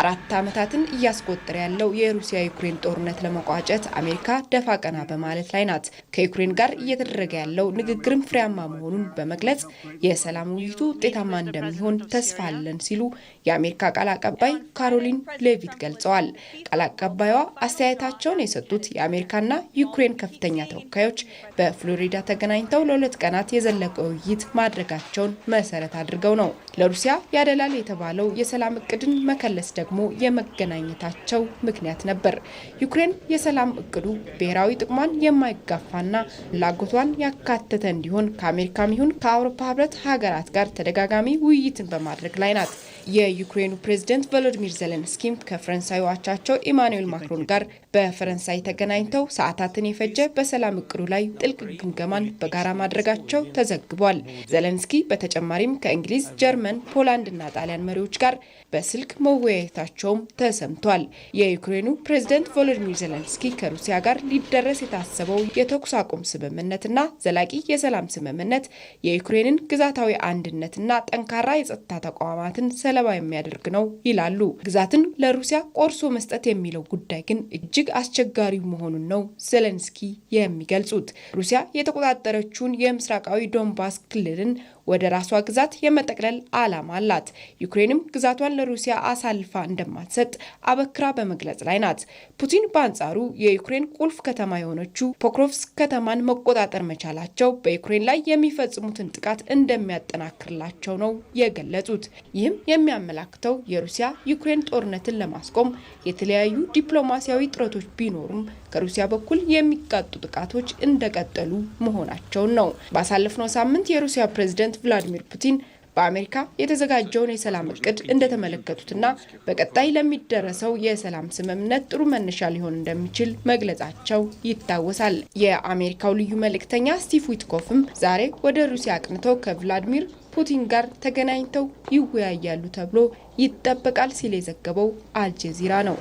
አራት ዓመታትን እያስቆጠረ ያለው የሩሲያ ዩክሬን ጦርነት ለመቋጨት አሜሪካ ደፋ ቀና በማለት ላይ ናት። ከዩክሬን ጋር እየተደረገ ያለው ንግግርም ፍሬያማ መሆኑን በመግለጽ የሰላም ውይይቱ ውጤታማ እንደሚሆን ተስፋ አለን ሲሉ የአሜሪካ ቃል አቀባይ ካሮሊን ሌቪት ገልጸዋል። ቃል አቀባይዋ አስተያየታቸውን የሰጡት የአሜሪካና ዩክሬን ከፍተኛ ተወካዮች በፍሎሪዳ ተገናኝተው ለሁለት ቀናት የዘለቀ ውይይት ማድረጋቸውን መሰረት አድርገው ነው። ለሩሲያ ያደላል የተባለው የሰላም እቅድን መከለስ ደግሞ የመገናኘታቸው ምክንያት ነበር። ዩክሬን የሰላም እቅዱ ብሔራዊ ጥቅሟን የማይጋፋና ፍላጎቷን ያካተተ እንዲሆን ከአሜሪካም ይሁን ከአውሮፓ ህብረት ሀገራት ጋር ተደጋጋሚ ውይይትን በማድረግ ላይ ናት። የዩክሬኑ ፕሬዝደንት ቮሎዲሚር ዘለንስኪም ከፈረንሳዩ አቻቸው ኢማኑኤል ማክሮን ጋር በፈረንሳይ ተገናኝተው ሰዓታትን የፈጀ በሰላም እቅዱ ላይ ጥልቅ ግምገማን በጋራ ማድረጋቸው ተዘግቧል። ዘለንስኪ በተጨማሪም ከእንግሊዝ፣ ጀርመን፣ ፖላንድ እና ጣሊያን መሪዎች ጋር በስልክ መወያየታቸውም ተሰምቷል። የዩክሬኑ ፕሬዝደንት ቮሎዲሚር ዘለንስኪ ከሩሲያ ጋር ሊደረስ የታሰበው የተኩስ አቁም ስምምነትና ዘላቂ የሰላም ስምምነት የዩክሬንን ግዛታዊ አንድነትና ጠንካራ የጸጥታ ተቋማትን ሰለባ የሚያደርግ ነው ይላሉ። ግዛትን ለሩሲያ ቆርሶ መስጠት የሚለው ጉዳይ ግን እጅግ አስቸጋሪ መሆኑን ነው ዘለንስኪ የሚገልጹት። ሩሲያ የተቆጣጠረችውን የምስራቃዊ ዶንባስ ክልልን ወደ ራሷ ግዛት የመጠቅለል ዓላማ አላት። ዩክሬንም ግዛቷን ለሩሲያ አሳልፋ እንደማትሰጥ አበክራ በመግለጽ ላይ ናት። ፑቲን በአንጻሩ የዩክሬን ቁልፍ ከተማ የሆነችው ፖክሮቭስክ ከተማን መቆጣጠር መቻላቸው በዩክሬን ላይ የሚፈጽሙትን ጥቃት እንደሚያጠናክርላቸው ነው የገለጹት። ይህም የ የሚያመላክተው የሩሲያ ዩክሬን ጦርነትን ለማስቆም የተለያዩ ዲፕሎማሲያዊ ጥረቶች ቢኖሩም ከሩሲያ በኩል የሚቃጡ ጥቃቶች እንደቀጠሉ መሆናቸውን ነው። ባሳለፍነው ሳምንት የሩሲያ ፕሬዝደንት ቭላዲሚር ፑቲን በአሜሪካ የተዘጋጀውን የሰላም እቅድ እንደተመለከቱትና በቀጣይ ለሚደረሰው የሰላም ስምምነት ጥሩ መነሻ ሊሆን እንደሚችል መግለጻቸው ይታወሳል። የአሜሪካው ልዩ መልእክተኛ ስቲቭ ዊትኮፍም ዛሬ ወደ ሩሲያ አቅንተው ከቭላዲሚር ፑቲን ጋር ተገናኝተው ይወያያሉ ተብሎ ይጠበቃል ሲል የዘገበው አልጀዚራ ነው።